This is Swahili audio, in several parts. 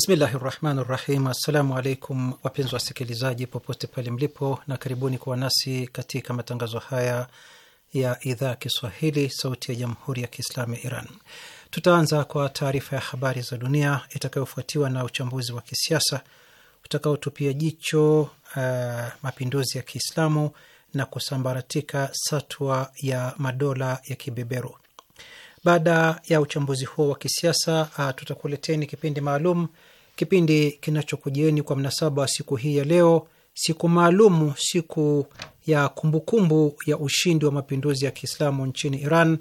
Bismillahi rahmani rahim. Assalamu alaikum wapenzi wasikilizaji popote pale mlipo, na karibuni kuwa nasi katika matangazo haya ya idhaa ya Kiswahili sauti ya jamhuri ya Kiislamu ya Iran. Tutaanza kwa taarifa ya habari za dunia itakayofuatiwa na uchambuzi wa kisiasa utakaotupia jicho uh, mapinduzi ya Kiislamu na kusambaratika satwa ya madola ya kibeberu. Baada ya uchambuzi huo wa kisiasa, ah, tutakuleteni kipindi maalum, kipindi kinachokujieni kwa mnasaba wa siku hii ya leo, siku maalumu, siku ya kumbukumbu ya ushindi wa mapinduzi ya Kiislamu nchini Iran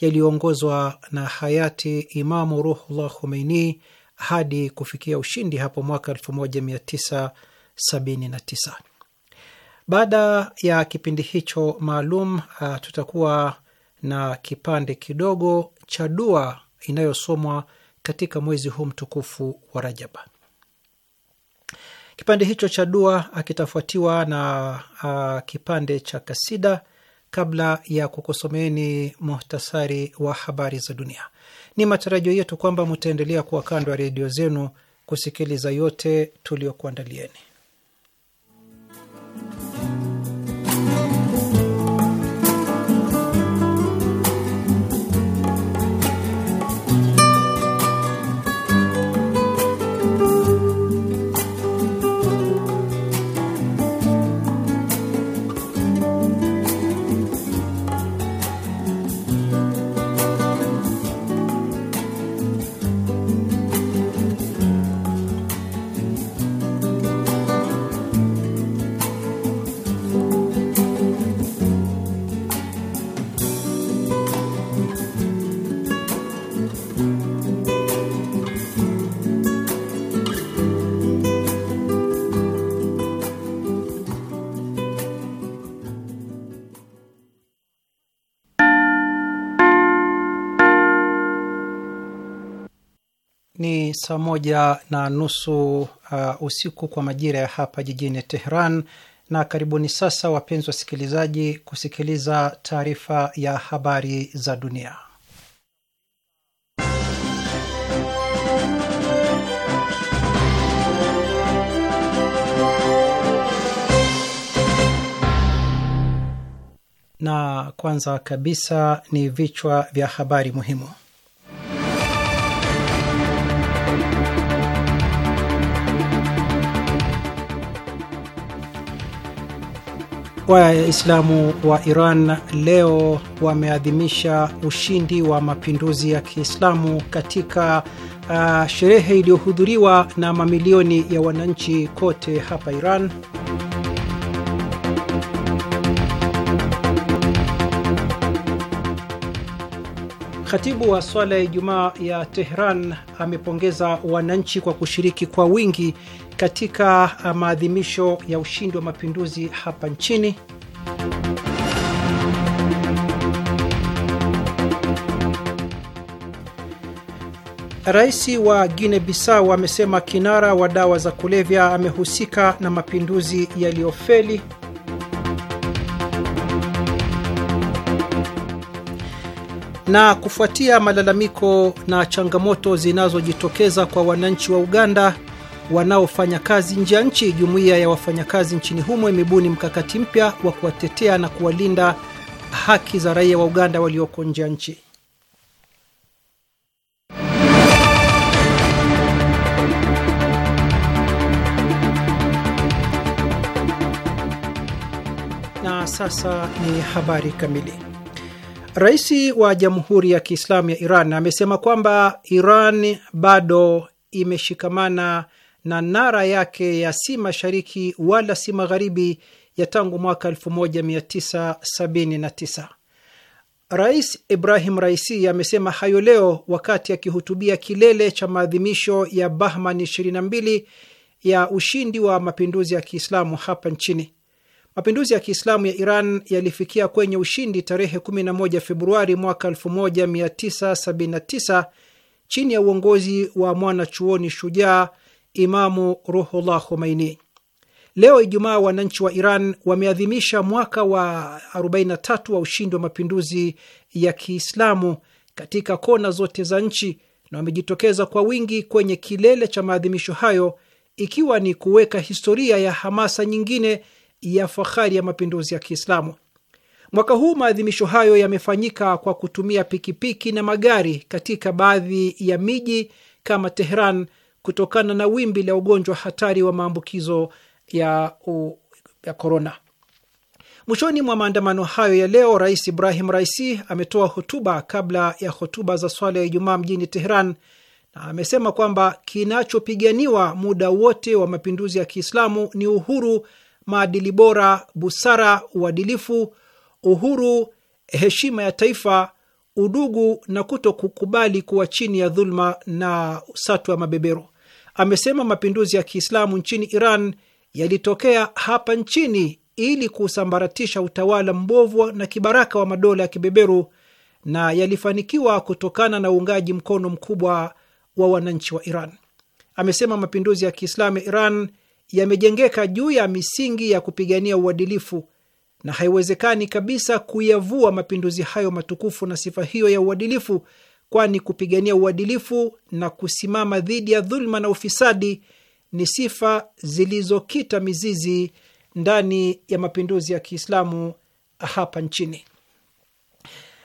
yaliyoongozwa na hayati Imamu Ruhullah Khomeini hadi kufikia ushindi hapo mwaka 1979. Baada ya kipindi hicho maalum, ah, tutakuwa na kipande kidogo cha dua inayosomwa katika mwezi huu mtukufu wa Rajaba. Kipande hicho cha dua akitafuatiwa na a, kipande cha kasida kabla ya kukusomeni muhtasari wa habari za dunia. Ni matarajio yetu kwamba mutaendelea kuwa kando ya redio zenu kusikiliza yote tuliokuandalieni. Ni saa moja na nusu uh, usiku kwa majira ya hapa jijini Teheran, na karibuni sasa wapenzi wasikilizaji, kusikiliza taarifa ya habari za dunia. Na kwanza kabisa ni vichwa vya habari muhimu. Waislamu wa Iran leo wameadhimisha ushindi wa mapinduzi ya Kiislamu katika uh, sherehe iliyohudhuriwa na mamilioni ya wananchi kote hapa Iran. Khatibu wa swala ya Ijumaa ya Tehran amepongeza wananchi kwa kushiriki kwa wingi katika uh, maadhimisho ya ushindi wa mapinduzi hapa nchini. Rais wa Guinea Bissau amesema kinara wa dawa za kulevya amehusika na mapinduzi yaliyofeli. Na kufuatia malalamiko na changamoto zinazojitokeza kwa wananchi wa Uganda wanaofanya kazi nje ya nchi, jumuiya ya wafanyakazi nchini humo imebuni mkakati mpya wa kuwatetea na kuwalinda haki za raia wa Uganda walioko nje ya nchi. Na sasa ni habari kamili. Rais wa Jamhuri ya Kiislamu ya Iran amesema kwamba Iran bado imeshikamana na nara yake ya si mashariki wala si magharibi ya tangu mwaka 1979. Rais Ibrahim Raisi amesema hayo leo wakati akihutubia kilele cha maadhimisho ya Bahman 22 ya ushindi wa mapinduzi ya Kiislamu hapa nchini. Mapinduzi ya Kiislamu ya Iran yalifikia kwenye ushindi tarehe 11 Februari mwaka 1979 chini ya uongozi wa mwanachuoni shujaa Imamu Ruhullah Khomeini. Leo Ijumaa, wananchi wa Iran wameadhimisha mwaka wa 43 wa ushindi wa mapinduzi ya Kiislamu katika kona zote za nchi na wamejitokeza kwa wingi kwenye kilele cha maadhimisho hayo, ikiwa ni kuweka historia ya hamasa nyingine ya fahari ya mapinduzi ya Kiislamu. Mwaka huu maadhimisho hayo yamefanyika kwa kutumia pikipiki na magari katika baadhi ya miji kama Tehran kutokana na wimbi la ugonjwa hatari wa maambukizo ya, ya korona. Mwishoni mwa maandamano hayo ya leo, Rais Ibrahim Raisi ametoa hotuba kabla ya hotuba za swala ya Ijumaa mjini Tehran na amesema kwamba kinachopiganiwa muda wote wa mapinduzi ya Kiislamu ni uhuru maadili bora, busara, uadilifu, uhuru, heshima ya taifa, udugu na kuto kukubali kuwa chini ya dhuluma na satwa ya mabeberu. Amesema mapinduzi ya Kiislamu nchini Iran yalitokea hapa nchini ili kusambaratisha utawala mbovu na kibaraka wa madola ya kibeberu na yalifanikiwa kutokana na uungaji mkono mkubwa wa wananchi wa Iran. Amesema mapinduzi ya Kiislamu ya Iran yamejengeka juu ya misingi ya kupigania uadilifu na haiwezekani kabisa kuyavua mapinduzi hayo matukufu na sifa hiyo ya uadilifu, kwani kupigania uadilifu na kusimama dhidi ya dhuluma na ufisadi ni sifa zilizokita mizizi ndani ya mapinduzi ya Kiislamu hapa nchini.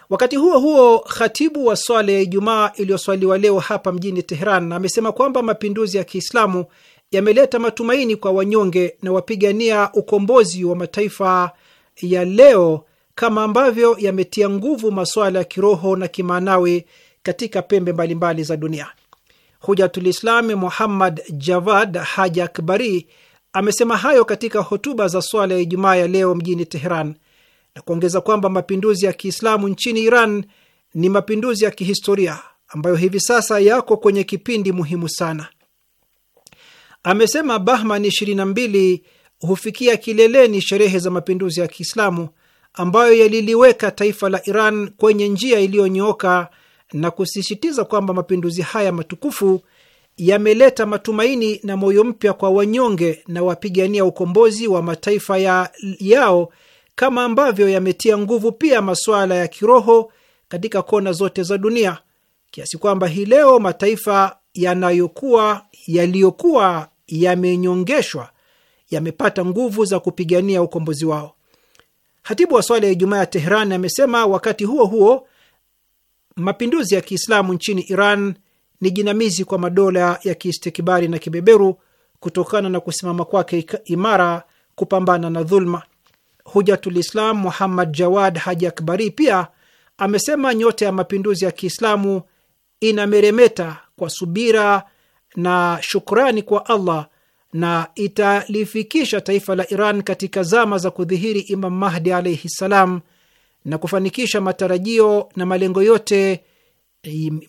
Wakati huo huo, khatibu wa swala ya Ijumaa iliyoswaliwa leo hapa mjini Tehran amesema kwamba mapinduzi ya Kiislamu yameleta matumaini kwa wanyonge na wapigania ukombozi wa mataifa ya leo kama ambavyo yametia nguvu masuala ya kiroho na kimaanawi katika pembe mbalimbali mbali za dunia. Hujatulislami Muhammad Javad Haji Akbari amesema hayo katika hotuba za swala ya Ijumaa ya leo mjini Teheran na kuongeza kwamba mapinduzi ya Kiislamu nchini Iran ni mapinduzi ya kihistoria ambayo hivi sasa yako kwenye kipindi muhimu sana amesema Bahman 22 hufikia kileleni sherehe za mapinduzi ya Kiislamu ambayo yaliliweka taifa la Iran kwenye njia iliyonyooka na kusisitiza kwamba mapinduzi haya matukufu yameleta matumaini na moyo mpya kwa wanyonge na wapigania ukombozi wa mataifa ya yao kama ambavyo yametia nguvu pia masuala ya kiroho katika kona zote za dunia kiasi kwamba hii leo mataifa yanayokuwa yaliyokuwa yamenyongeshwa yamepata nguvu za kupigania ukombozi wao. Hatibu wa swala ya Ijumaa ya Teheran amesema wakati huo huo mapinduzi ya Kiislamu nchini Iran ni jinamizi kwa madola ya kiistikibari na kibeberu kutokana na kusimama kwake imara kupambana na dhulma. Hujatul Islam Muhammad Jawad Haji Akbari pia amesema nyota ya mapinduzi ya Kiislamu inameremeta kwa subira na shukrani kwa Allah na italifikisha taifa la Iran katika zama za kudhihiri Imam Mahdi alaihi ssalam na kufanikisha matarajio na malengo yote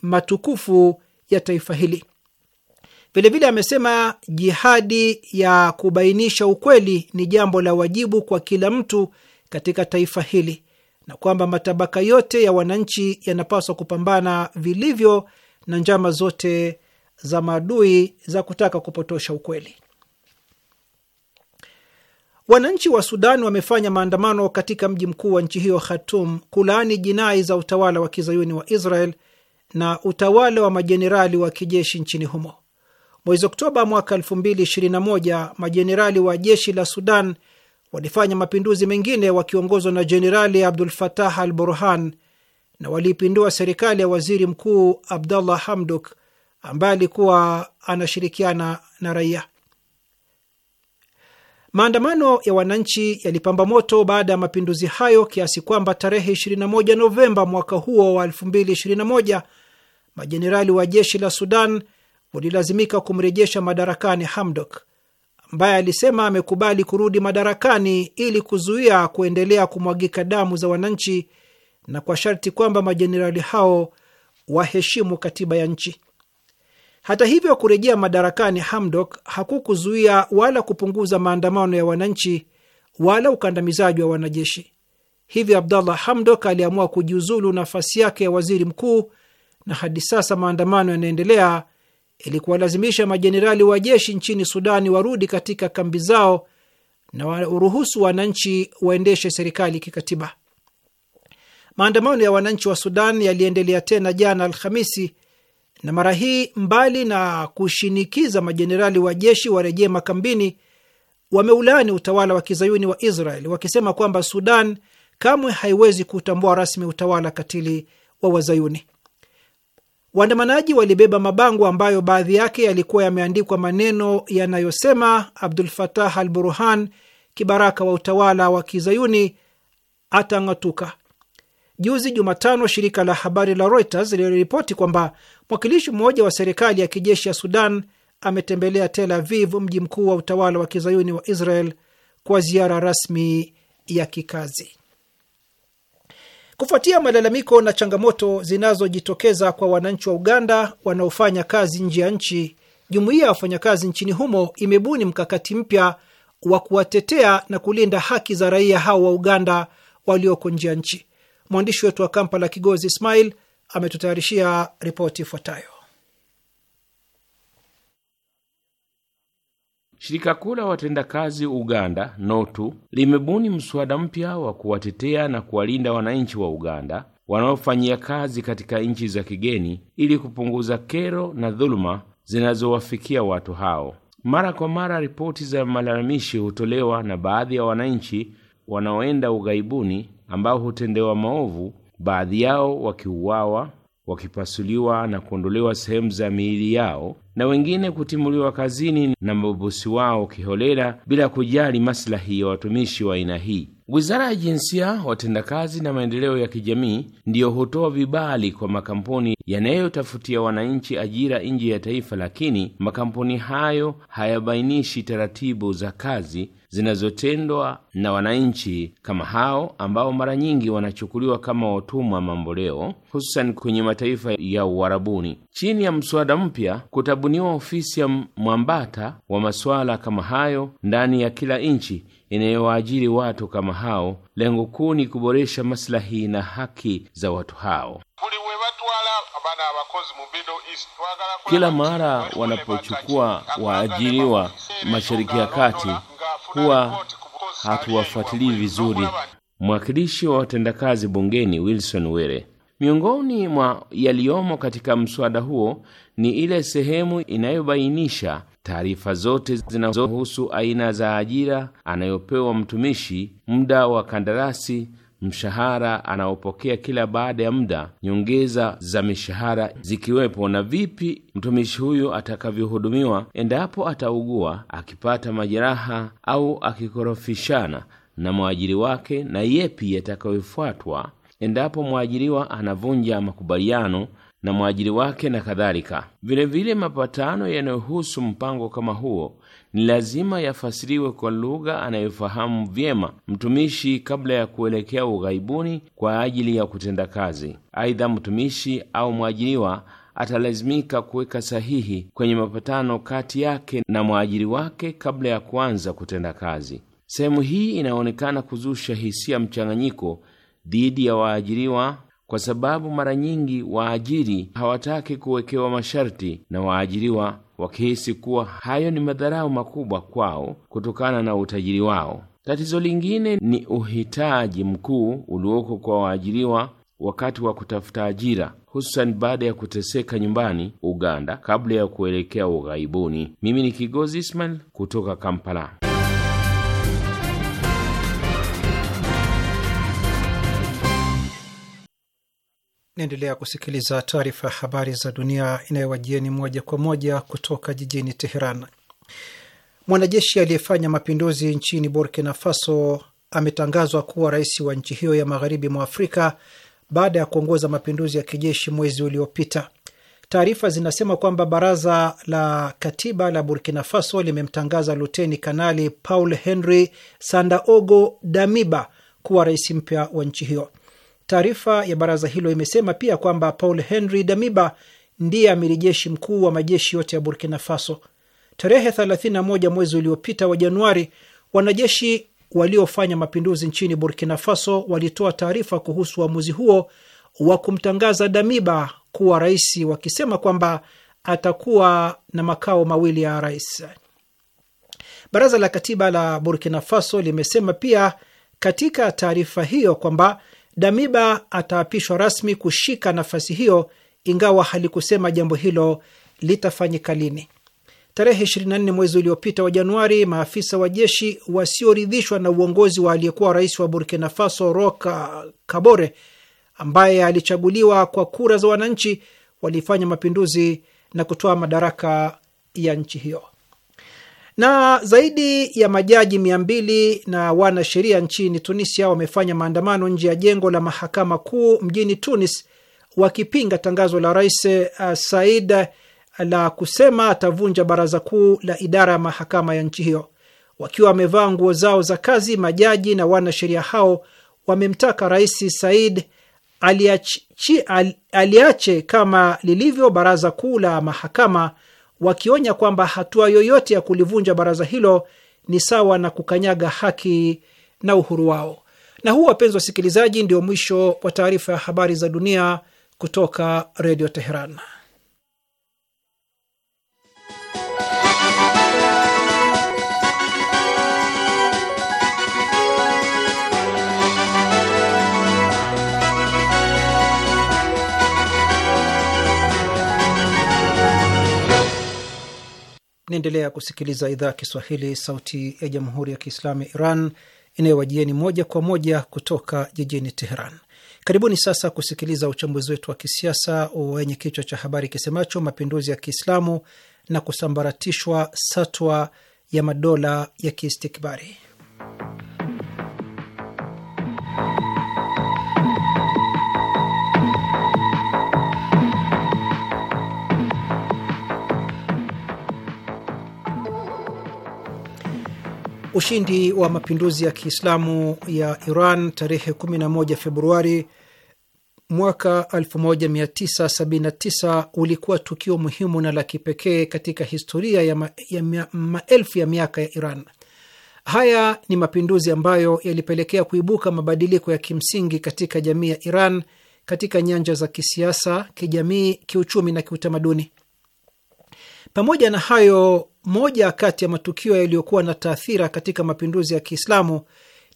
matukufu ya taifa hili. Vilevile amesema jihadi ya kubainisha ukweli ni jambo la wajibu kwa kila mtu katika taifa hili na kwamba matabaka yote ya wananchi yanapaswa kupambana vilivyo na njama zote za maadui za kutaka kupotosha ukweli. Wananchi wa Sudan wamefanya maandamano katika mji mkuu wa nchi hiyo Khartoum, kulaani jinai za utawala wa kizayuni wa Israel na utawala wa majenerali wa kijeshi nchini humo. Mwezi Oktoba mwaka 2021 majenerali wa jeshi la Sudan walifanya mapinduzi mengine wakiongozwa na Jenerali Abdul Fatah al Burhan na waliipindua serikali ya waziri mkuu Abdallah Hamdok ambaye alikuwa anashirikiana na raia. Maandamano ya wananchi yalipamba moto baada ya mapinduzi hayo kiasi kwamba tarehe 21 Novemba mwaka huo wa 2021 majenerali wa jeshi la Sudan walilazimika kumrejesha madarakani Hamdok ambaye alisema amekubali kurudi madarakani ili kuzuia kuendelea kumwagika damu za wananchi na kwa sharti kwamba majenerali hao waheshimu katiba ya nchi. Hata hivyo, kurejea madarakani Hamdok hakukuzuia wala kupunguza maandamano ya wananchi wala ukandamizaji wa wanajeshi. Hivyo Abdallah Hamdok aliamua kujiuzulu nafasi yake ya waziri mkuu, na hadi sasa maandamano yanaendelea ili kuwalazimisha majenerali wa jeshi nchini Sudani warudi katika kambi zao na waruhusu wananchi waendeshe serikali kikatiba. Maandamano ya wananchi wa Sudan yaliendelea tena jana Alhamisi na mara hii mbali na kushinikiza majenerali wa jeshi warejee makambini, wameulani utawala wa kizayuni wa Israel wakisema kwamba Sudan kamwe haiwezi kutambua rasmi utawala katili wa Wazayuni. Waandamanaji walibeba mabango ambayo baadhi yake yalikuwa yameandikwa maneno yanayosema Abdul Fatah al Burhan, kibaraka wa utawala wa kizayuni atang'atuka. Juzi Jumatano, shirika la habari la Reuters liliripoti kwamba Mwakilishi mmoja wa serikali ya kijeshi ya Sudan ametembelea Tel Aviv, mji mkuu wa utawala wa kizayuni wa Israel, kwa ziara rasmi ya kikazi. Kufuatia malalamiko na changamoto zinazojitokeza kwa wananchi wa Uganda wanaofanya kazi nje ya nchi, jumuiya ya wafanyakazi nchini humo imebuni mkakati mpya wa kuwatetea na kulinda haki za raia hao wa Uganda walioko nje ya nchi. Mwandishi wetu wa Kampala, Kigozi Ismail, ametutayarishia ripoti ifuatayo. Shirika kuu la watendakazi Uganda NOTU limebuni mswada mpya wa kuwatetea na kuwalinda wananchi wa Uganda wanaofanyia kazi katika nchi za kigeni ili kupunguza kero na dhuluma zinazowafikia watu hao. Mara kwa mara ripoti za malalamishi hutolewa na baadhi ya wananchi wanaoenda ughaibuni ambao hutendewa maovu baadhi yao wakiuawa, wakipasuliwa na kuondolewa sehemu za miili yao, na wengine kutimuliwa kazini na mabosi wao kiholela bila kujali maslahi ya watumishi wa aina hii. Wizara ya Jinsia, Watendakazi na Maendeleo ya Kijamii ndiyo hutoa vibali kwa makampuni yanayotafutia wananchi ajira nje ya taifa, lakini makampuni hayo hayabainishi taratibu za kazi zinazotendwa na wananchi kama hao ambao mara nyingi wanachukuliwa kama watumwa mamboleo, hususani kwenye mataifa ya uharabuni Chini ya mswada mpya, kutabuniwa ofisi ya mwambata wa masuala kama hayo ndani ya kila nchi inayowaajiri watu kama hao. Lengo kuu ni kuboresha maslahi na haki za watu hao. Kila mara wanapochukua waajiriwa Mashariki ya Kati huwa hatuwafuatilii vizuri. Mwakilishi wa watendakazi bungeni Wilson Were miongoni mwa yaliyomo katika mswada huo ni ile sehemu inayobainisha taarifa zote zinazohusu aina za ajira anayopewa mtumishi, muda wa kandarasi mshahara anaopokea kila baada ya muda, nyongeza za mishahara zikiwepo, na vipi mtumishi huyu atakavyohudumiwa endapo ataugua, akipata majeraha au akikorofishana na mwajiri wake, na yepi yatakayofuatwa endapo mwajiriwa anavunja makubaliano na mwajiri wake na kadhalika. Vilevile, mapatano yanayohusu mpango kama huo ni lazima yafasiriwe kwa lugha anayofahamu vyema mtumishi kabla ya kuelekea ughaibuni kwa ajili ya kutenda kazi. Aidha, mtumishi au mwajiriwa atalazimika kuweka sahihi kwenye mapatano kati yake na mwajiri wake kabla ya kuanza kutenda kazi. Sehemu hii inaonekana kuzusha hisia mchanganyiko dhidi ya waajiriwa kwa sababu mara nyingi waajiri hawataki kuwekewa masharti na waajiriwa wakihisi kuwa hayo ni madharau makubwa kwao kutokana na utajiri wao. Tatizo lingine ni uhitaji mkuu ulioko kwa waajiriwa wakati wa kutafuta ajira, hususani baada ya kuteseka nyumbani Uganda kabla ya kuelekea ughaibuni. Mimi ni Kigozi Ismail kutoka Kampala. Naendelea kusikiliza taarifa ya habari za dunia inayowajieni moja kwa moja kutoka jijini Teheran. Mwanajeshi aliyefanya mapinduzi nchini Burkina Faso ametangazwa kuwa rais wa nchi hiyo ya magharibi mwa Afrika baada ya kuongoza mapinduzi ya kijeshi mwezi uliopita. Taarifa zinasema kwamba baraza la katiba la Burkina Faso limemtangaza luteni kanali Paul Henry Sandaogo Damiba kuwa rais mpya wa nchi hiyo. Taarifa ya baraza hilo imesema pia kwamba Paul henry Damiba ndiye amiri jeshi mkuu wa majeshi yote ya Burkina Faso. Tarehe 31 mwezi uliopita wa Januari, wanajeshi waliofanya mapinduzi nchini Burkina Faso walitoa taarifa kuhusu uamuzi huo wa kumtangaza Damiba kuwa rais, wakisema kwamba atakuwa na makao mawili ya rais. Baraza la katiba la Burkina Faso limesema pia katika taarifa hiyo kwamba Damiba ataapishwa rasmi kushika nafasi hiyo, ingawa halikusema jambo hilo litafanyika lini. Tarehe 24 mwezi uliopita wa Januari, maafisa wa jeshi wasioridhishwa na uongozi wa aliyekuwa rais wa Burkina Faso rok Kabore, ambaye alichaguliwa kwa kura za wananchi, walifanya mapinduzi na kutoa madaraka ya nchi hiyo. Na zaidi ya majaji mia mbili na wanasheria nchini Tunisia wamefanya maandamano nje ya jengo la mahakama kuu mjini Tunis wakipinga tangazo la Rais uh, Said uh, la kusema atavunja baraza kuu la idara ya mahakama ya nchi hiyo. Wakiwa wamevaa nguo zao za kazi, majaji na wanasheria hao wamemtaka Rais Said al, aliache kama lilivyo baraza kuu la mahakama wakionya kwamba hatua yoyote ya kulivunja baraza hilo ni sawa na kukanyaga haki na uhuru wao. Na huu, wapenzi wasikilizaji, ndio mwisho wa taarifa ya habari za dunia kutoka Redio Teheran. Naendelea kusikiliza idhaa ya Kiswahili, sauti ya jamhuri ya kiislamu ya Iran inayowajieni moja kwa moja kutoka jijini Teheran. Karibuni sasa kusikiliza uchambuzi wetu wa kisiasa wenye kichwa cha habari kisemacho mapinduzi ya Kiislamu na kusambaratishwa satwa ya madola ya kiistikbari. Ushindi wa mapinduzi ya Kiislamu ya Iran tarehe 11 Februari mwaka 1979 ulikuwa tukio muhimu na la kipekee katika historia ya, ma, ya mia, maelfu ya miaka ya Iran. Haya ni mapinduzi ambayo yalipelekea kuibuka mabadiliko ya kimsingi katika jamii ya Iran katika nyanja za kisiasa, kijamii, kiuchumi na kiutamaduni. Pamoja na hayo moja kati ya matukio yaliyokuwa na taathira katika mapinduzi ya Kiislamu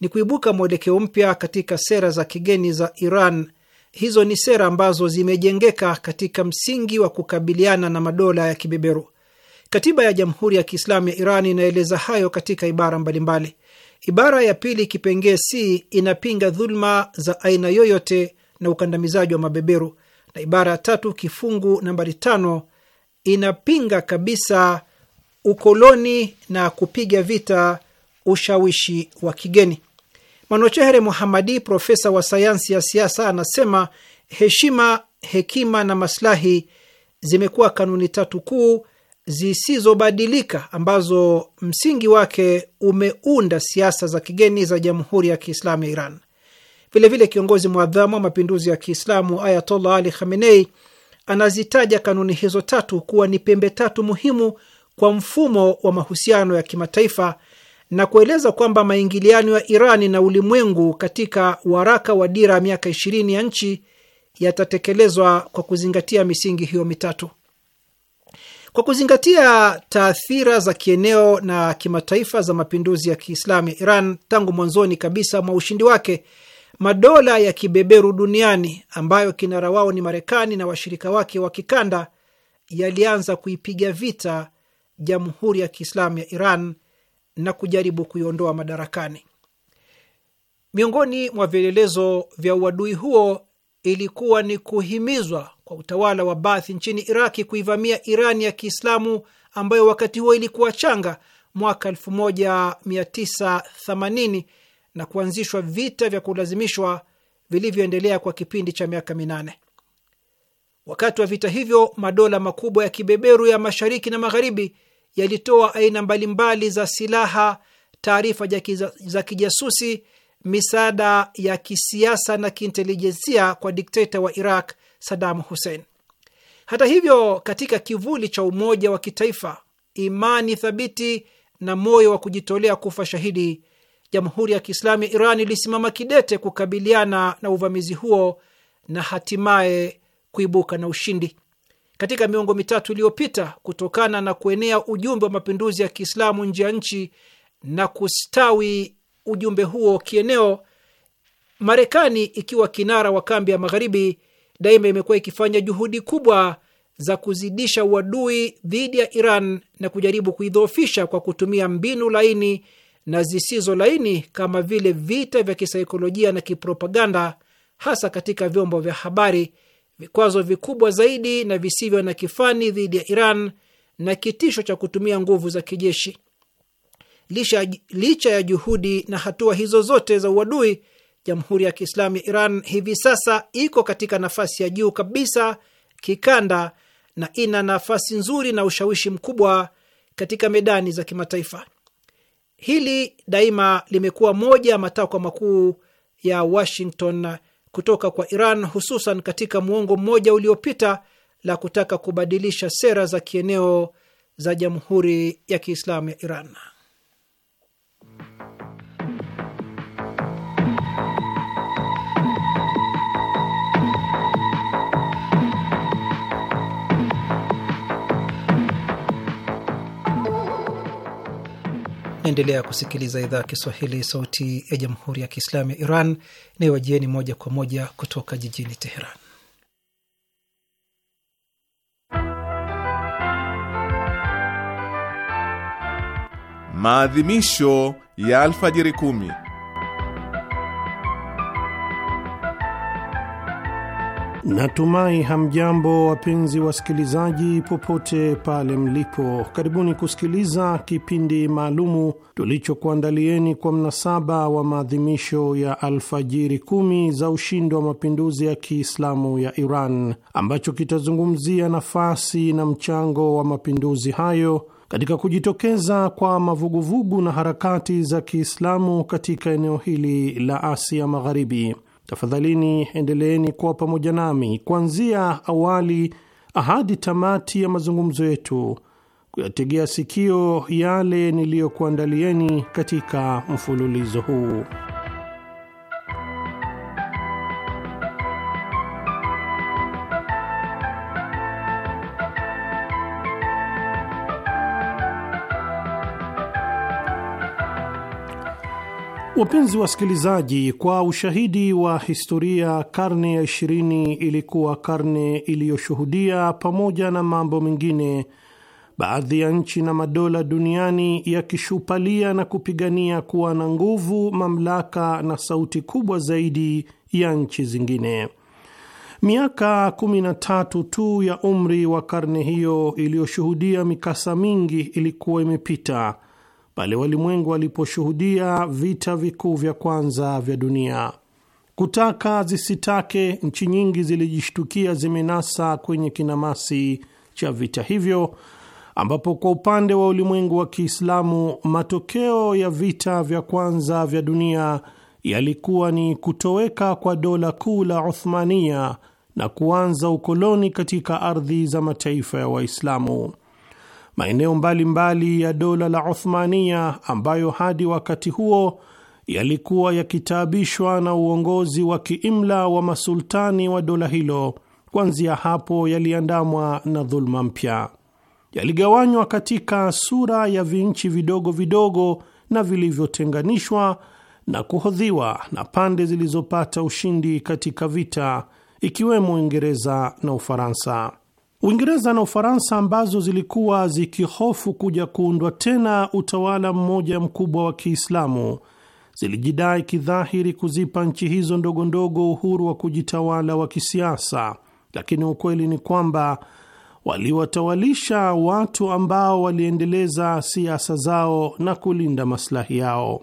ni kuibuka mwelekeo mpya katika sera za kigeni za Iran. Hizo ni sera ambazo zimejengeka katika msingi wa kukabiliana na madola ya kibeberu. Katiba ya Jamhuri ya Kiislamu ya Iran inaeleza hayo katika ibara mbalimbali. Ibara ya pili kipengee C inapinga dhuluma za aina yoyote na ukandamizaji wa mabeberu, na ibara ya tatu kifungu nambari tano inapinga kabisa ukoloni na kupiga vita ushawishi wa kigeni. Manochehere Muhamadi, profesa wa sayansi ya siasa, anasema heshima, hekima na maslahi zimekuwa kanuni tatu kuu zisizobadilika ambazo msingi wake umeunda siasa za kigeni za Jamhuri ya Kiislamu ya Iran. Vilevile, kiongozi mwadhamu wa mapinduzi ya Kiislamu Ayatollah Ali Khamenei anazitaja kanuni hizo tatu kuwa ni pembe tatu muhimu kwa mfumo wa mahusiano ya kimataifa na kueleza kwamba maingiliano ya Irani na ulimwengu katika waraka wa dira ya miaka 20 ya nchi yatatekelezwa kwa kuzingatia misingi hiyo mitatu. Kwa kuzingatia taathira za kieneo na kimataifa za mapinduzi ya Kiislamu ya Iran tangu mwanzoni kabisa mwa ushindi wake, madola ya kibeberu duniani ambayo kinara wao ni Marekani na washirika wake wa kikanda yalianza kuipiga vita jamhuri ya Kiislamu ya Iran na kujaribu kuiondoa madarakani. Miongoni mwa vielelezo vya uadui huo ilikuwa ni kuhimizwa kwa utawala wa Baath nchini Iraki kuivamia Iran ya Kiislamu ambayo wakati huo ilikuwa changa mwaka 1980 na kuanzishwa vita vya kulazimishwa vilivyoendelea kwa kipindi cha miaka minane. Wakati wa vita hivyo, madola makubwa ya kibeberu ya mashariki na magharibi yalitoa aina mbalimbali za silaha, taarifa za kijasusi, misaada ya kisiasa na kiintelijensia kwa dikteta wa Iraq Saddam Hussein. Hata hivyo, katika kivuli cha umoja wa kitaifa, imani thabiti na moyo wa kujitolea kufa shahidi, Jamhuri ya Kiislamu ya Iran ilisimama kidete kukabiliana na uvamizi huo na hatimaye kuibuka na ushindi katika miongo mitatu iliyopita kutokana na kuenea ujumbe wa mapinduzi ya Kiislamu nje ya nchi na kustawi ujumbe huo kieneo. Marekani ikiwa kinara wa kambi ya Magharibi, daima imekuwa ikifanya juhudi kubwa za kuzidisha uadui dhidi ya Iran na kujaribu kuidhoofisha kwa kutumia mbinu laini na zisizo laini kama vile vita vya kisaikolojia na kipropaganda, hasa katika vyombo vya habari vikwazo vikubwa zaidi na visivyo na kifani dhidi ya Iran na kitisho cha kutumia nguvu za kijeshi. Licha, licha ya juhudi na hatua hizo zote za uadui, Jamhuri ya Kiislamu ya Iran hivi sasa iko katika nafasi ya juu kabisa kikanda na ina nafasi nzuri na ushawishi mkubwa katika medani za kimataifa. Hili daima limekuwa moja ya matakwa makuu ya Washington kutoka kwa Iran, hususan katika muongo mmoja uliopita, la kutaka kubadilisha sera za kieneo za Jamhuri ya Kiislamu ya Iran. Naendelea kusikiliza idhaa ya Kiswahili, sauti ya jamhuri ya kiislamu ya Iran inayowajieni moja kwa moja kutoka jijini Teheran. Maadhimisho ya alfajiri kumi Natumai hamjambo wapenzi wasikilizaji, popote pale mlipo, karibuni kusikiliza kipindi maalumu tulichokuandalieni kwa mnasaba wa maadhimisho ya alfajiri kumi za ushindi wa mapinduzi ya Kiislamu ya Iran ambacho kitazungumzia nafasi na mchango wa mapinduzi hayo katika kujitokeza kwa mavuguvugu na harakati za Kiislamu katika eneo hili la Asia Magharibi Tafadhalini endeleeni kuwa pamoja nami kuanzia awali ahadi tamati ya mazungumzo yetu, kuyategea sikio yale niliyokuandalieni katika mfululizo huu. Wapenzi wasikilizaji, kwa ushahidi wa historia, karne ya ishirini ilikuwa karne iliyoshuhudia pamoja na mambo mengine, baadhi ya nchi na madola duniani yakishupalia na kupigania kuwa na nguvu, mamlaka na sauti kubwa zaidi ya nchi zingine. Miaka kumi na tatu tu ya umri wa karne hiyo iliyoshuhudia mikasa mingi ilikuwa imepita pale walimwengu waliposhuhudia vita vikuu vya kwanza vya dunia. Kutaka zisitake, nchi nyingi zilijishtukia zimenasa kwenye kinamasi cha vita hivyo, ambapo kwa upande wa ulimwengu wa Kiislamu matokeo ya vita vya kwanza vya dunia yalikuwa ni kutoweka kwa dola kuu la Uthmania na kuanza ukoloni katika ardhi za mataifa ya Waislamu maeneo mbalimbali ya dola la Othmania ambayo hadi wakati huo yalikuwa yakitaabishwa na uongozi wa kiimla wa masultani wa dola hilo. Kuanzia hapo yaliandamwa na dhuluma mpya, yaligawanywa katika sura ya vinchi vidogo vidogo na vilivyotenganishwa na kuhodhiwa na pande zilizopata ushindi katika vita, ikiwemo Uingereza na Ufaransa. Uingereza na Ufaransa ambazo zilikuwa zikihofu kuja kuundwa tena utawala mmoja mkubwa wa Kiislamu zilijidai kidhahiri kuzipa nchi hizo ndogo ndogo uhuru wa kujitawala wa kisiasa, lakini ukweli ni kwamba waliwatawalisha watu ambao waliendeleza siasa zao na kulinda maslahi yao.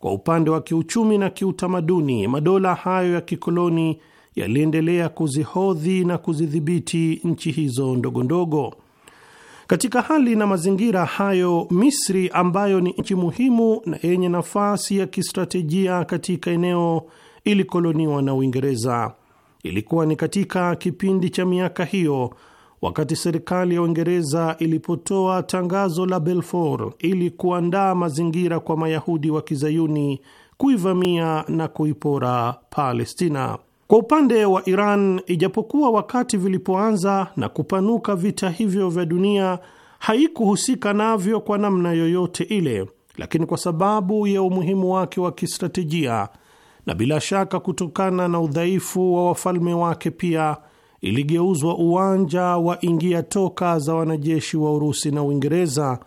Kwa upande wa kiuchumi na kiutamaduni, madola hayo ya kikoloni yaliendelea kuzihodhi na kuzidhibiti nchi hizo ndogondogo ndogo. Katika hali na mazingira hayo, Misri ambayo ni nchi muhimu na yenye nafasi ya kistratejia katika eneo ilikoloniwa na Uingereza. Ilikuwa ni katika kipindi cha miaka hiyo wakati serikali ya Uingereza ilipotoa tangazo la Balfour ili kuandaa mazingira kwa Mayahudi wa Kizayuni kuivamia na kuipora Palestina. Kwa upande wa Iran, ijapokuwa wakati vilipoanza na kupanuka vita hivyo vya dunia haikuhusika navyo kwa namna yoyote ile, lakini kwa sababu ya umuhimu wake wa kistratejia na bila shaka kutokana na udhaifu wa wafalme wake, pia iligeuzwa uwanja wa ingia toka za wanajeshi wa Urusi na Uingereza,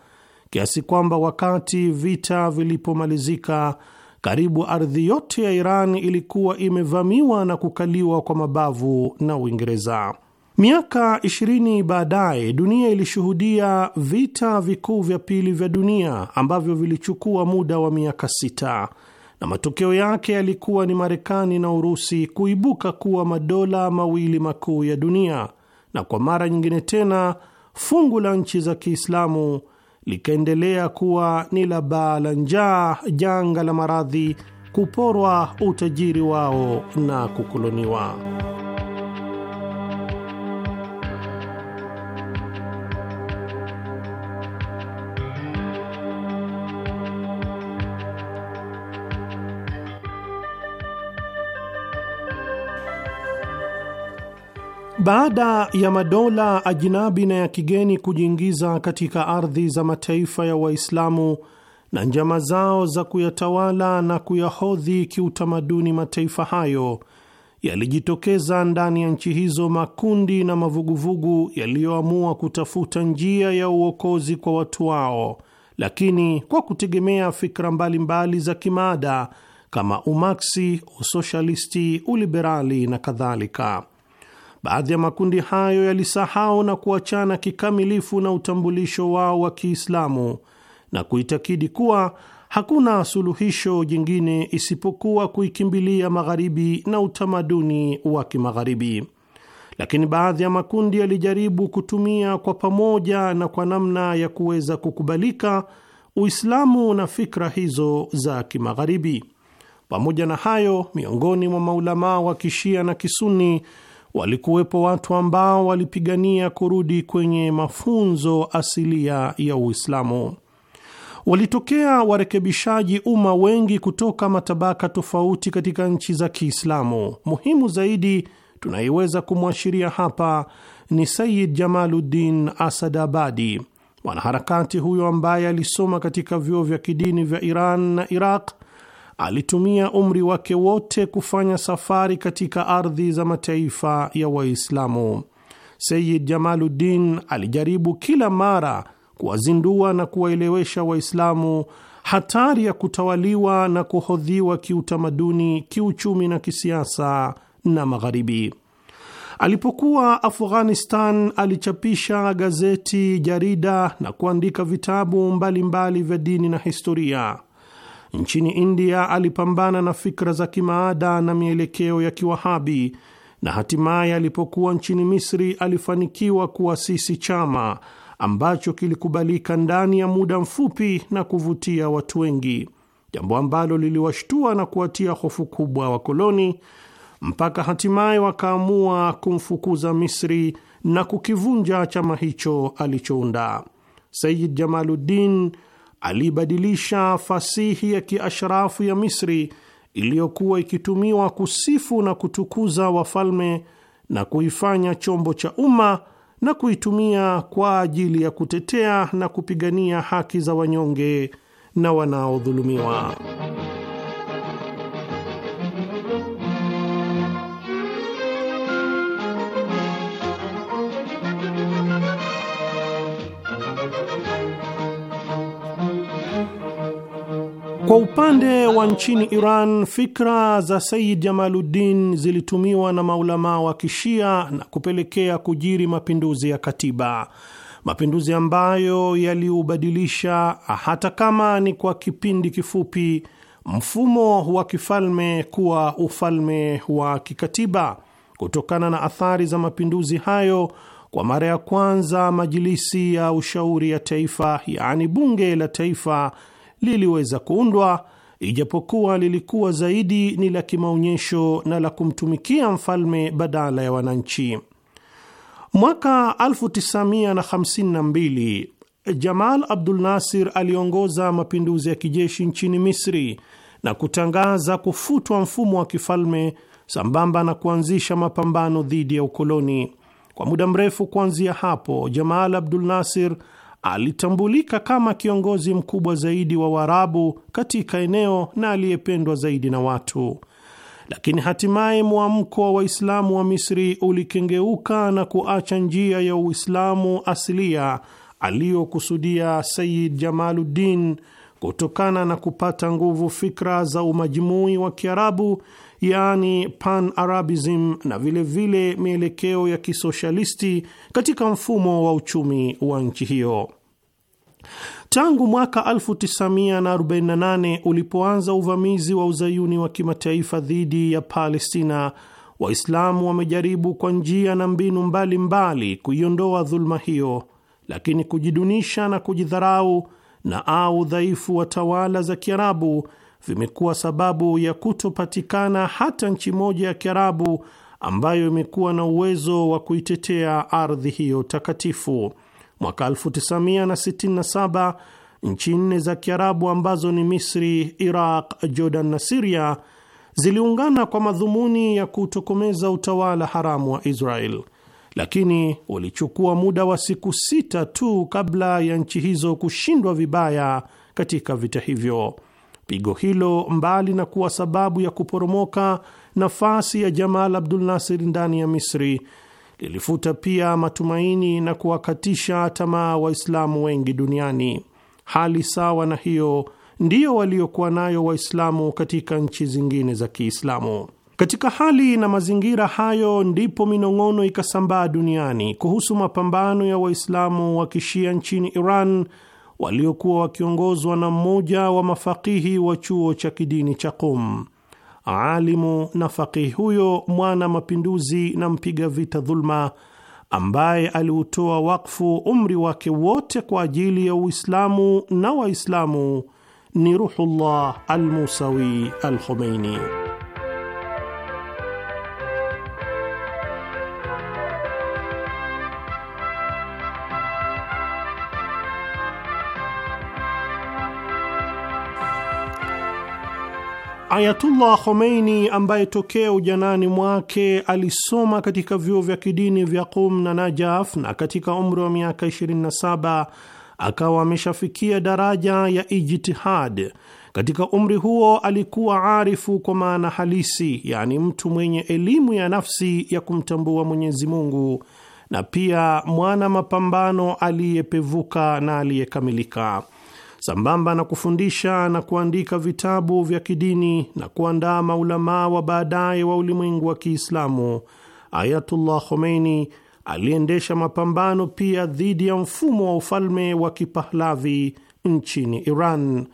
kiasi kwamba wakati vita vilipomalizika karibu ardhi yote ya Iran ilikuwa imevamiwa na kukaliwa kwa mabavu na Uingereza. Miaka 20 baadaye dunia ilishuhudia vita vikuu vya pili vya dunia ambavyo vilichukua muda wa miaka sita, na matokeo yake yalikuwa ni Marekani na Urusi kuibuka kuwa madola mawili makuu ya dunia, na kwa mara nyingine tena fungu la nchi za Kiislamu likaendelea kuwa ni la baa la njaa, janga la maradhi, kuporwa utajiri wao na kukoloniwa. Baada ya madola ajinabi na ya kigeni kujiingiza katika ardhi za mataifa ya Waislamu na njama zao za kuyatawala na kuyahodhi kiutamaduni mataifa hayo, yalijitokeza ndani ya nchi hizo makundi na mavuguvugu yaliyoamua kutafuta njia ya uokozi kwa watu wao, lakini kwa kutegemea fikra mbalimbali mbali za kimaada kama umaksi, usoshalisti, uliberali na kadhalika. Baadhi ya makundi hayo yalisahau na kuachana kikamilifu na utambulisho wao wa Kiislamu na kuitakidi kuwa hakuna suluhisho jingine isipokuwa kuikimbilia magharibi na utamaduni wa kimagharibi. Lakini baadhi ya makundi yalijaribu kutumia kwa pamoja na kwa namna ya kuweza kukubalika Uislamu na fikra hizo za kimagharibi. Pamoja na hayo, miongoni mwa maulamaa wa kishia na kisuni walikuwepo watu ambao walipigania kurudi kwenye mafunzo asilia ya Uislamu. Walitokea warekebishaji umma wengi kutoka matabaka tofauti katika nchi za Kiislamu. Muhimu zaidi tunayeweza kumwashiria hapa ni Sayid Jamaluddin Asadabadi, mwanaharakati huyo ambaye alisoma katika vyuo vya kidini vya Iran na Iraq alitumia umri wake wote kufanya safari katika ardhi za mataifa ya Waislamu. Sayyid Jamaluddin alijaribu kila mara kuwazindua na kuwaelewesha Waislamu hatari ya kutawaliwa na kuhodhiwa kiutamaduni, kiuchumi na kisiasa na Magharibi. Alipokuwa Afghanistan alichapisha gazeti, jarida na kuandika vitabu mbalimbali vya dini na historia. Nchini India alipambana na fikra za kimaada na mielekeo ya Kiwahabi, na hatimaye alipokuwa nchini Misri alifanikiwa kuasisi chama ambacho kilikubalika ndani ya muda mfupi na kuvutia watu wengi, jambo ambalo liliwashtua na kuwatia hofu kubwa wakoloni, mpaka hatimaye wakaamua kumfukuza Misri na kukivunja chama hicho alichounda Sayyid Jamaluddin alibadilisha fasihi ya kiashrafu ya Misri iliyokuwa ikitumiwa kusifu na kutukuza wafalme na kuifanya chombo cha umma na kuitumia kwa ajili ya kutetea na kupigania haki za wanyonge na wanaodhulumiwa. Kwa upande wa nchini Iran, fikra za Sayyid Jamaluddin zilitumiwa na maulamaa wa Kishia na kupelekea kujiri mapinduzi ya katiba, mapinduzi ambayo yaliubadilisha, hata kama ni kwa kipindi kifupi, mfumo wa kifalme kuwa ufalme wa kikatiba. Kutokana na athari za mapinduzi hayo, kwa mara ya kwanza majilisi ya ushauri ya taifa, yaani bunge la taifa liliweza kuundwa, ijapokuwa lilikuwa zaidi ni la kimaonyesho na la kumtumikia mfalme badala ya wananchi. Mwaka 1952 Jamal Abdul Nasir aliongoza mapinduzi ya kijeshi nchini Misri na kutangaza kufutwa mfumo wa kifalme sambamba na kuanzisha mapambano dhidi ya ukoloni. Kwa muda mrefu kuanzia hapo, Jamal Abdul Nasir alitambulika kama kiongozi mkubwa zaidi wa Waarabu katika eneo na aliyependwa zaidi na watu, lakini hatimaye mwamko wa Waislamu wa Misri ulikengeuka na kuacha njia ya Uislamu asilia aliyokusudia Sayyid Jamaluddin kutokana na kupata nguvu fikra za umajimui wa Kiarabu, yaani pan Arabism, na vilevile mielekeo ya kisoshalisti katika mfumo wa uchumi wa nchi hiyo. Tangu mwaka 1948 ulipoanza uvamizi wa uzayuni wa kimataifa dhidi ya Palestina, Waislamu wamejaribu kwa njia na mbinu mbalimbali kuiondoa dhuluma hiyo, lakini kujidunisha na kujidharau na au udhaifu wa tawala za Kiarabu vimekuwa sababu ya kutopatikana hata nchi moja ya Kiarabu ambayo imekuwa na uwezo wa kuitetea ardhi hiyo takatifu. Mwaka 1967 nchi nne za Kiarabu ambazo ni Misri, Iraq, Jordan na Siria ziliungana kwa madhumuni ya kutokomeza utawala haramu wa Israel, lakini ulichukua muda wa siku sita tu kabla ya nchi hizo kushindwa vibaya katika vita hivyo. Pigo hilo, mbali na kuwa sababu ya kuporomoka nafasi ya Jamal Abdul Nasir ndani ya Misri, lilifuta pia matumaini na kuwakatisha tamaa Waislamu wengi duniani. Hali sawa na hiyo ndiyo waliokuwa nayo Waislamu katika nchi zingine za Kiislamu. Katika hali na mazingira hayo ndipo minong'ono ikasambaa duniani kuhusu mapambano ya Waislamu wa kishia nchini Iran waliokuwa wakiongozwa na mmoja wa mafakihi wa chuo cha kidini cha Qum alimu na faqihi huyo mwana mapinduzi na mpiga vita dhulma, ambaye aliutoa wakfu umri wake wote kwa ajili ya Uislamu na Waislamu ni Ruhullah Almusawi Alkhomeini. Ayatullah Khomeini ambaye tokea ujanani mwake alisoma katika vyuo vya kidini vya Qum na Najaf na katika umri wa miaka 27 akawa ameshafikia daraja ya ijtihad. Katika umri huo alikuwa arifu kwa maana halisi, yaani mtu mwenye elimu ya nafsi ya kumtambua Mwenyezi Mungu na pia mwana mapambano aliyepevuka na aliyekamilika sambamba na kufundisha na kuandika vitabu vya kidini na kuandaa maulamaa wa baadaye wa ulimwengu wa Kiislamu, Ayatullah Khomeini aliendesha mapambano pia dhidi ya mfumo wa ufalme wa Kipahlavi nchini Iran,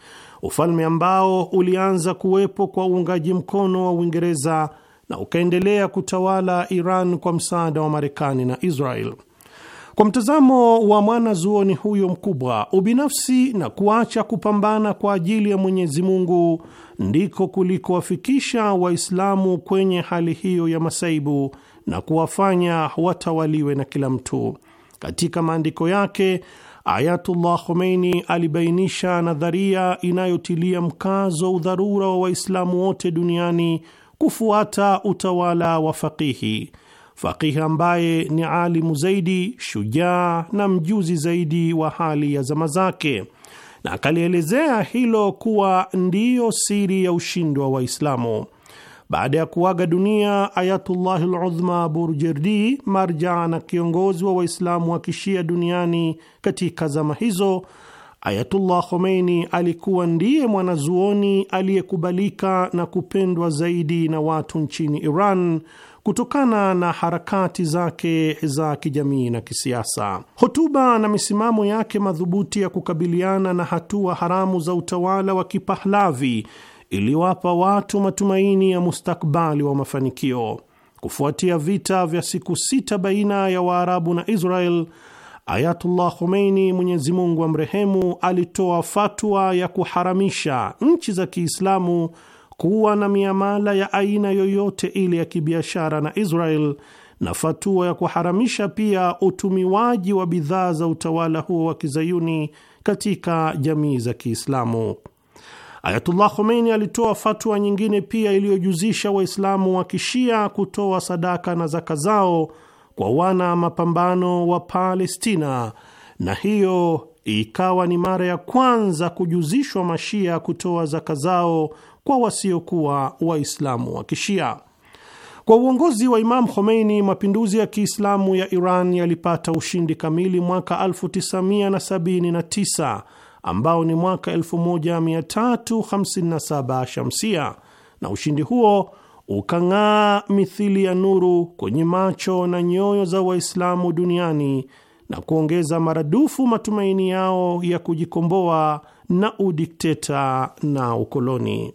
ufalme ambao ulianza kuwepo kwa uungaji mkono wa Uingereza na ukaendelea kutawala Iran kwa msaada wa Marekani na Israel. Kwa mtazamo wa mwanazuoni huyo mkubwa, ubinafsi na kuacha kupambana kwa ajili ya Mwenyezi Mungu ndiko kulikowafikisha Waislamu kwenye hali hiyo ya masaibu na kuwafanya watawaliwe na kila mtu. Katika maandiko yake Ayatullah Khomeini alibainisha nadharia inayotilia mkazo udharura wa Waislamu wote duniani kufuata utawala wa fakihi Fakihi ambaye ni alimu zaidi, shujaa na mjuzi zaidi wa hali ya zama zake, na akalielezea hilo kuwa ndiyo siri ya ushindi wa Waislamu. Baada ya kuaga dunia Ayatullahi Ludhma Burjerdi, marja na kiongozi wa Waislamu wa kishia duniani katika zama hizo, Ayatullah Khomeini alikuwa ndiye mwanazuoni aliyekubalika na kupendwa zaidi na watu nchini Iran kutokana na harakati zake za kijamii na kisiasa. Hotuba na misimamo yake madhubuti ya kukabiliana na hatua haramu za utawala wa Kipahlavi iliwapa watu matumaini ya mustakbali wa mafanikio. Kufuatia vita vya siku sita baina ya Waarabu na Israel, Ayatullah Khomeini, Mwenyezi Mungu amrehemu, alitoa fatwa ya kuharamisha nchi za Kiislamu kuwa na miamala ya aina yoyote ile ya kibiashara na Israel na fatua ya kuharamisha pia utumiwaji wa bidhaa za utawala huo wa kizayuni katika jamii za Kiislamu. Ayatullah Khomeini alitoa fatwa nyingine pia iliyojuzisha Waislamu wa kishia kutoa sadaka na zaka zao kwa wana mapambano wa Palestina, na hiyo ikawa ni mara ya kwanza kujuzishwa mashia kutoa zaka zao kwa wasiokuwa Waislamu wa Kishia. Kwa uongozi wa Imam Khomeini, mapinduzi ya Kiislamu ya Iran yalipata ushindi kamili mwaka 1979 ambao ni mwaka 1357 Shamsia, na ushindi huo ukang'aa mithili ya nuru kwenye macho na nyoyo za Waislamu duniani na kuongeza maradufu matumaini yao ya kujikomboa na udikteta na ukoloni.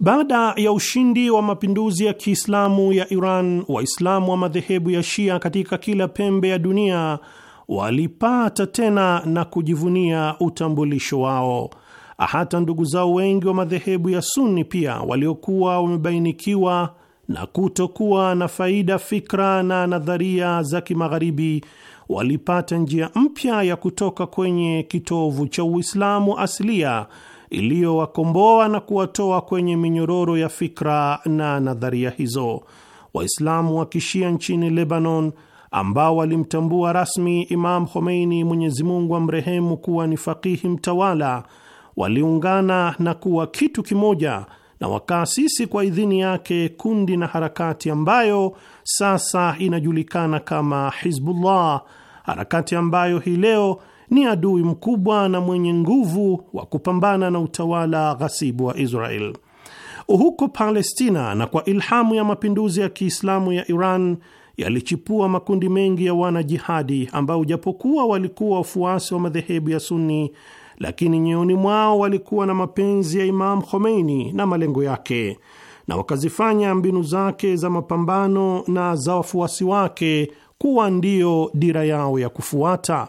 Baada ya ushindi wa mapinduzi ya Kiislamu ya Iran, Waislamu wa madhehebu ya Shia katika kila pembe ya dunia walipata tena na kujivunia utambulisho wao. Hata ndugu zao wengi wa madhehebu ya Sunni pia waliokuwa wamebainikiwa na kutokuwa na faida fikra na nadharia za kimagharibi, walipata njia mpya ya kutoka kwenye kitovu cha Uislamu asilia iliyowakomboa na kuwatoa kwenye minyororo ya fikra na nadharia hizo. Waislamu wa kishia nchini Lebanon ambao walimtambua rasmi Imam Khomeini, Mwenyezi Mungu amrehemu, kuwa ni fakihi mtawala, waliungana na kuwa kitu kimoja na wakaasisi kwa idhini yake kundi na harakati ambayo sasa inajulikana kama Hizbullah, harakati ambayo hii leo ni adui mkubwa na mwenye nguvu wa kupambana na utawala ghasibu wa Israel huko Palestina. Na kwa ilhamu ya mapinduzi ya Kiislamu ya Iran yalichipua makundi mengi ya wanajihadi ambao japokuwa walikuwa wafuasi wa madhehebu ya Sunni lakini nyoyoni mwao walikuwa na mapenzi ya Imam Khomeini na malengo yake, na wakazifanya mbinu zake za mapambano na za wafuasi wake kuwa ndiyo dira yao ya kufuata.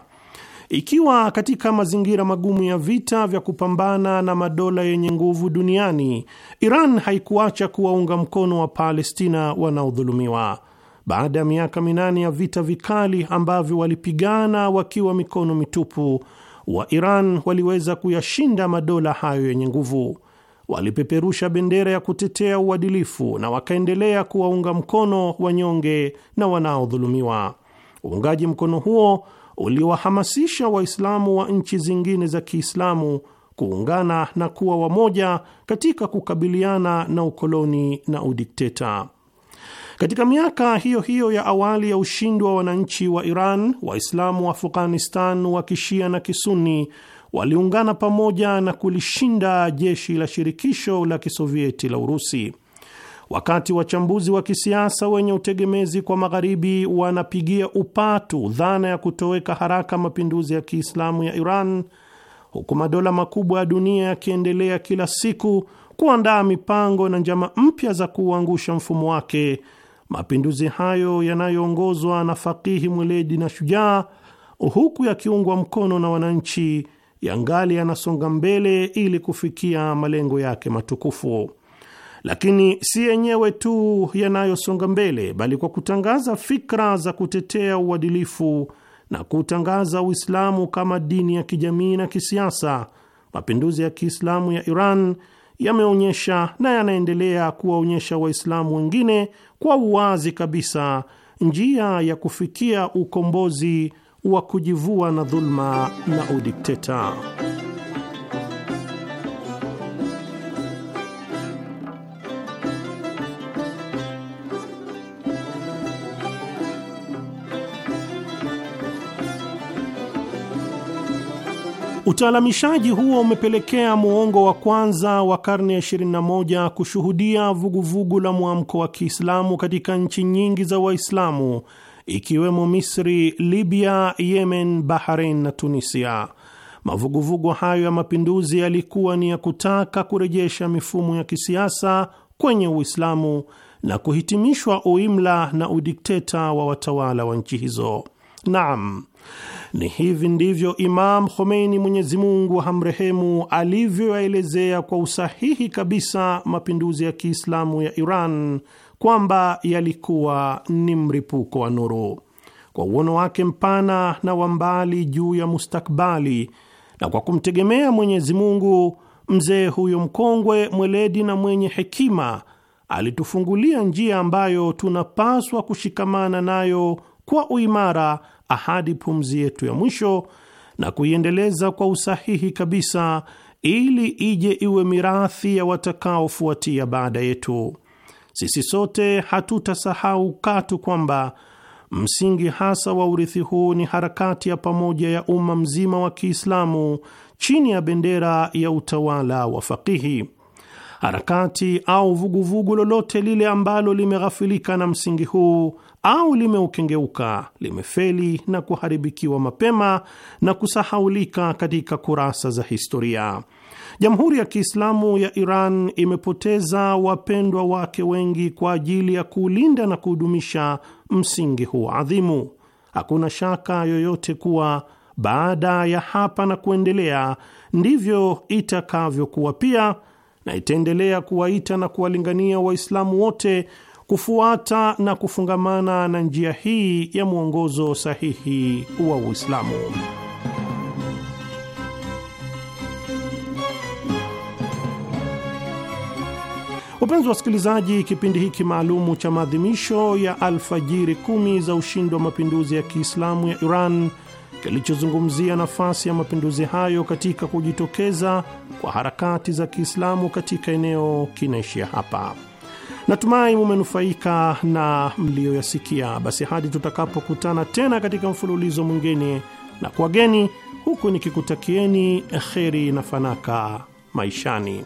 Ikiwa katika mazingira magumu ya vita vya kupambana na madola yenye nguvu duniani, Iran haikuacha kuwaunga mkono wa Palestina wanaodhulumiwa. Baada ya miaka minane ya vita vikali ambavyo walipigana wakiwa mikono mitupu, wa Iran waliweza kuyashinda madola hayo yenye nguvu. Walipeperusha bendera ya kutetea uadilifu na wakaendelea kuwaunga mkono wanyonge na wanaodhulumiwa. Uungaji mkono huo uliwahamasisha Waislamu wa nchi zingine za Kiislamu kuungana na kuwa wamoja katika kukabiliana na ukoloni na udikteta. Katika miaka hiyo hiyo ya awali ya ushindi wa wananchi wa Iran, Waislamu wa Afghanistan wa Kishia na Kisuni waliungana pamoja na kulishinda jeshi la shirikisho la Kisovieti la Urusi. Wakati wachambuzi wa kisiasa wenye utegemezi kwa magharibi wanapigia upatu dhana ya kutoweka haraka mapinduzi ya Kiislamu ya Iran, huku madola makubwa ya dunia yakiendelea kila siku kuandaa mipango na njama mpya za kuuangusha mfumo wake, Mapinduzi hayo yanayoongozwa na fakihi mweledi na shujaa, huku yakiungwa mkono na wananchi, yangali yanasonga mbele ili kufikia malengo yake matukufu. Lakini si yenyewe tu yanayosonga mbele, bali kwa kutangaza fikra za kutetea uadilifu na kutangaza Uislamu kama dini ya kijamii na kisiasa, mapinduzi ya Kiislamu ya Iran yameonyesha na yanaendelea kuwaonyesha Waislamu wengine kwa uwazi kabisa njia ya kufikia ukombozi wa kujivua na dhulma na udikteta. Utaalamishaji huo umepelekea muongo wa kwanza wa karne ya 21 kushuhudia vuguvugu vugu la mwamko wa Kiislamu katika nchi nyingi za Waislamu ikiwemo Misri, Libya, Yemen, Bahrain na Tunisia. Mavuguvugu hayo ya mapinduzi yalikuwa ni ya kutaka kurejesha mifumo ya kisiasa kwenye Uislamu na kuhitimishwa uimla na udikteta wa watawala wa nchi hizo. Naam, ni hivi ndivyo Imam Khomeini, Mwenyezi Mungu hamrehemu, alivyoyaelezea kwa usahihi kabisa mapinduzi ya Kiislamu ya Iran kwamba yalikuwa ni mripuko wa nuru. Kwa uono wake mpana na wa mbali juu ya mustakbali na kwa kumtegemea Mwenyezi Mungu, mzee huyo mkongwe, mweledi na mwenye hekima alitufungulia njia ambayo tunapaswa kushikamana nayo kwa uimara ahadi pumzi yetu ya mwisho na kuiendeleza kwa usahihi kabisa ili ije iwe mirathi ya watakaofuatia baada yetu. Sisi sote hatutasahau katu kwamba msingi hasa wa urithi huu ni harakati ya pamoja ya umma mzima wa Kiislamu chini ya bendera ya utawala wa fakihi. Harakati au vuguvugu vugu lolote lile ambalo limeghafilika na msingi huu au limeukengeuka, limefeli na kuharibikiwa mapema na kusahaulika katika kurasa za historia. Jamhuri ya Kiislamu ya Iran imepoteza wapendwa wake wengi kwa ajili ya kuulinda na kuhudumisha msingi huu adhimu. Hakuna shaka yoyote kuwa baada ya hapa na kuendelea ndivyo itakavyokuwa pia, na itaendelea kuwaita na kuwalingania Waislamu wote kufuata na kufungamana na njia hii ya mwongozo sahihi wa Uislamu. Wapenzi wasikilizaji, kipindi hiki maalumu cha maadhimisho ya alfajiri kumi za ushindi wa mapinduzi ya Kiislamu ya Iran kilichozungumzia nafasi ya mapinduzi hayo katika kujitokeza kwa harakati za Kiislamu katika eneo kinaishia hapa. Natumai mumenufaika na mliyoyasikia. Basi hadi tutakapokutana tena katika mfululizo mwingine, na geni huku nikikutakieni kheri na fanaka maishani.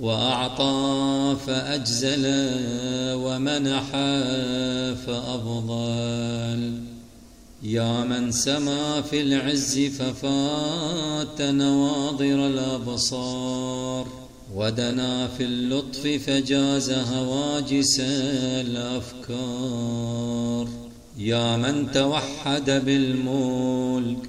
وأعطى فأجزل ومنح فأفضل يا من سما في العز ففات نواظر الأبصار ودنا في اللطف فجاز هواجس الأفكار يا من توحد بالملك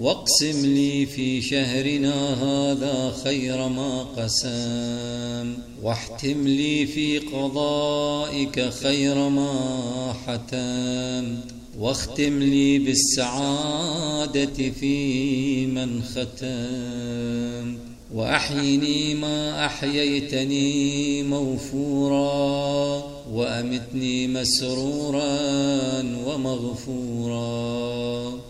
واقسم لي في شهرنا هذا خير ما قسام واحتم لي في قضائك خير ما حتام واختم لي بالسعادة في من ختم وأحيني ما أحييتني موفورا وأمتني مسرورا ومغفورا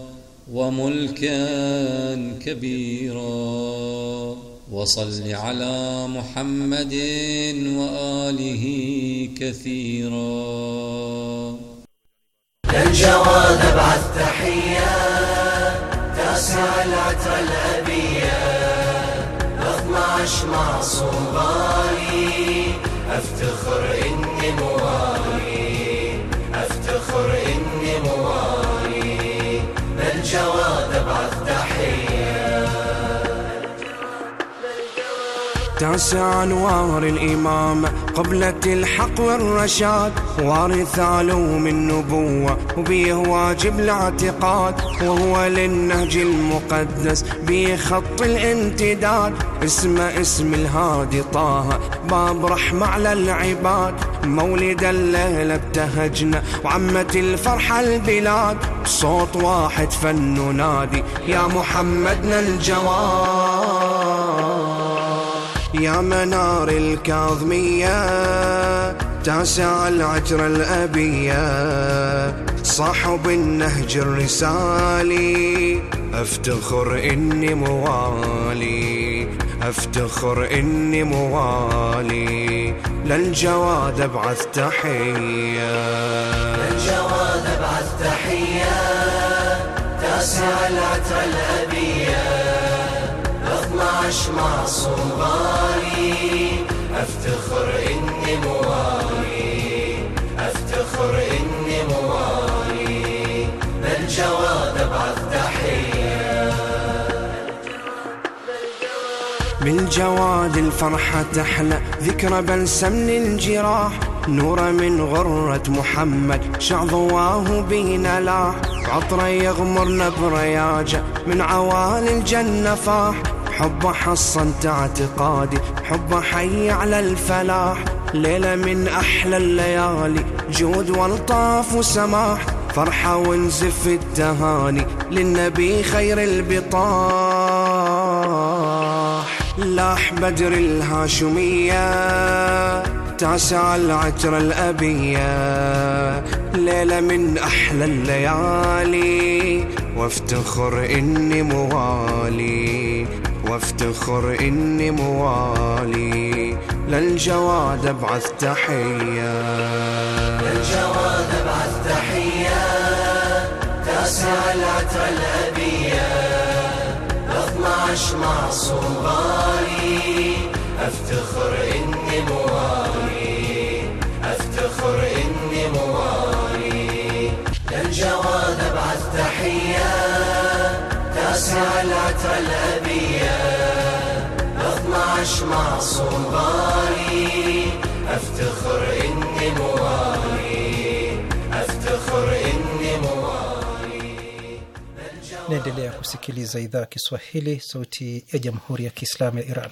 وملكا كبيرا وصل على محمد وآله كثيرا تنجرى ابعث تحية تاسع العترة الأبية عشر معصوم تاسع أنوار الإمامة قبلة الحق والرشاد وارث علوم النبوة وبيه واجب الاعتقاد وهو للنهج المقدس بخط الامتداد اسمه اسم الهادي طه باب رحمة على العباد مولد الليلة ابتهجنا وعمت الفرحة البلاد صوت واحد فن نادي يا محمدنا الجواد يا منار الكاظمية تاسع العجر الأبية صاحب النهج الرسالي أفتخر إني موالي أفتخر إني موالي للجواد أبعث تحية للجواد أبعث تحية تاسع العتر الأبية عاش مع صومالي أفتخر إني موالي أفتخر إني موالي للجواد أبعث تحية بالجواد الفرحة تحلى ذكرى بلسم للجراح نور من غرة محمد شع ضواه بينا لاح عطر يغمر نبر من عوالي الجنة فاح حبه حصنت اعتقادي حبه حي على الفلاح ليلة من أحلى الليالي جود والطاف وسماح فرحة ونزف التهاني للنبي خير البطاح لاح بدر الهاشمية تاسع العتر الأبية ليلة من أحلى الليالي وافتخر إني موالي وافتخر إني موالي للجواد أبعث تحية للجواد أبعث تحية تاسع العترة الأبية 12 عشر معصوم افتخر إني موالي افتخر إني موالي للجواد أبعث تحية الأبية معصوم غالي موالي موالي naendelea kusikiliza idhaa Kiswahili sauti ya Jamhuri ya Kiislamu ya Iran.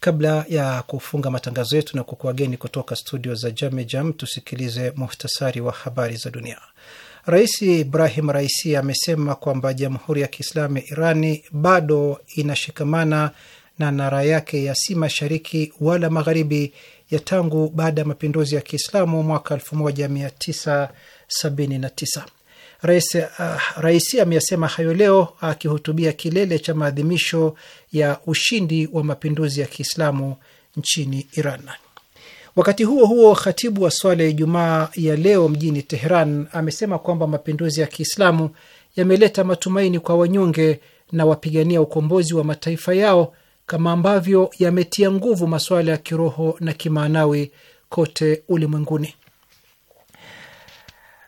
Kabla ya kufunga matangazo yetu na kukuwageni kutoka studio za Jamejam, tusikilize muhtasari wa habari za dunia. Rais Ibrahim Raisi amesema kwamba Jamhuri ya Kiislamu ya Irani bado inashikamana na nara yake ya si mashariki wala magharibi ya tangu baada ya mapinduzi ya Kiislamu mwaka 1979. Rais, uh, Raisi ameyasema hayo leo akihutubia kilele cha maadhimisho ya ushindi wa mapinduzi ya Kiislamu nchini Iran. Wakati huo huo, khatibu wa swala ya Ijumaa ya leo mjini Teheran amesema kwamba mapinduzi ya Kiislamu yameleta matumaini kwa wanyonge na wapigania ukombozi wa mataifa yao kama ambavyo yametia nguvu masuala ya kiroho na kimaanawi kote ulimwenguni.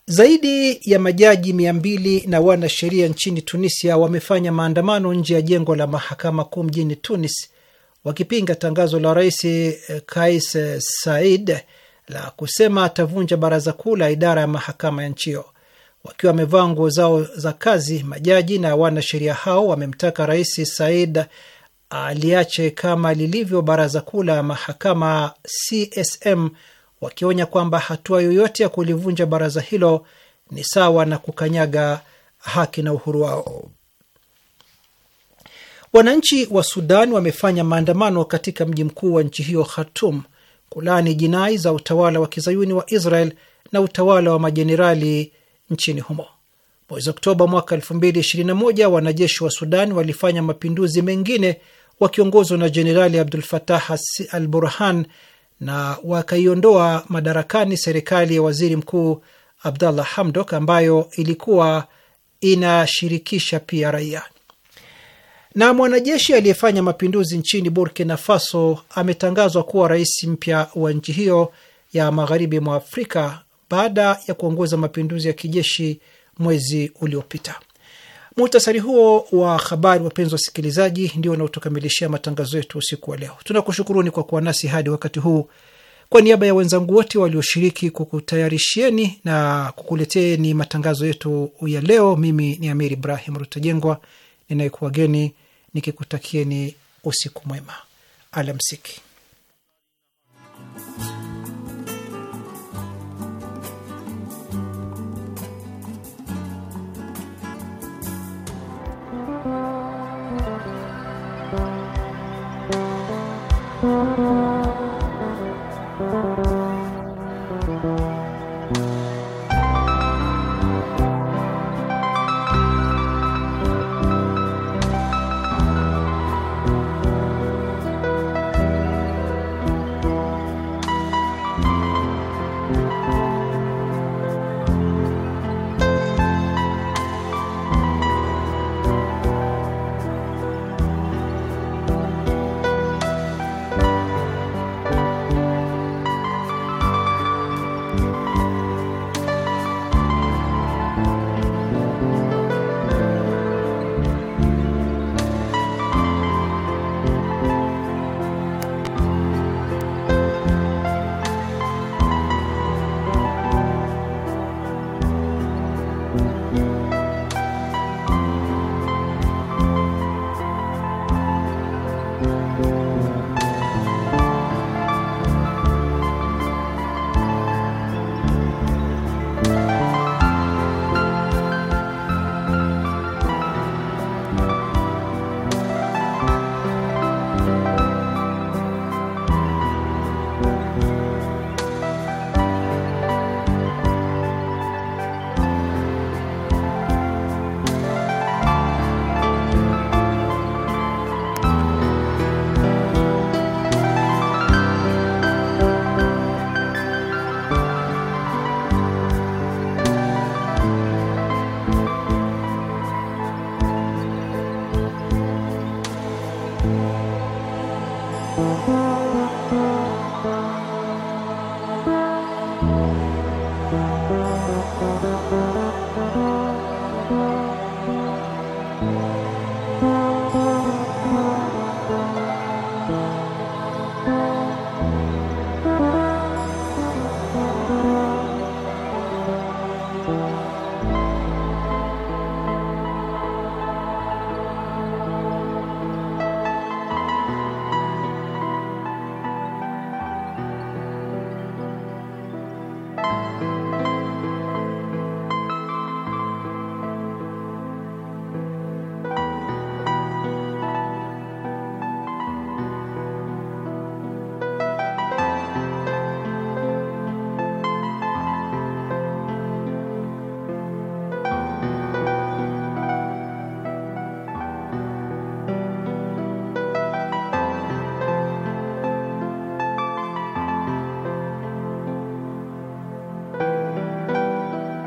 Zaidi ya majaji mia mbili na wanasheria nchini Tunisia wamefanya maandamano nje ya jengo la mahakama kuu mjini Tunis wakipinga tangazo la Rais eh, Kais eh, said la kusema atavunja baraza kuu la idara ya mahakama ya nchi hiyo. Wakiwa wamevaa nguo zao za kazi, majaji na wanasheria hao wamemtaka Rais said aliache kama lilivyo baraza kuu la mahakama CSM, wakionya kwamba hatua yoyote ya kulivunja baraza hilo ni sawa na kukanyaga haki na uhuru wao. Wananchi wa Sudan wamefanya maandamano katika mji mkuu wa nchi hiyo Khartum kulaani jinai za utawala wa kizayuni wa Israel na utawala wa majenerali nchini humo. Mwezi Oktoba mwaka 2021 wanajeshi wa Sudan walifanya mapinduzi mengine wakiongozwa na Jenerali Abdul Fatah Al Burhan na wakaiondoa madarakani serikali ya waziri mkuu Abdallah Hamdok ambayo ilikuwa inashirikisha pia raia. Na mwanajeshi aliyefanya mapinduzi nchini Burkina Faso ametangazwa kuwa rais mpya wa nchi hiyo ya magharibi mwa Afrika baada ya kuongoza mapinduzi ya kijeshi mwezi uliopita. Muhtasari huo wa habari, wapenzi wasikilizaji, ndio unaotukamilishia matangazo yetu usiku wa leo. Tunakushukuruni kwa kuwa nasi hadi wakati huu. Kwa niaba ya wenzangu wote walioshiriki kukutayarishieni na kukuleteeni matangazo yetu ya leo, mimi ni Amir Ibrahim Rutajengwa ninayekuwageni nikikutakieni usiku mwema, alamsiki.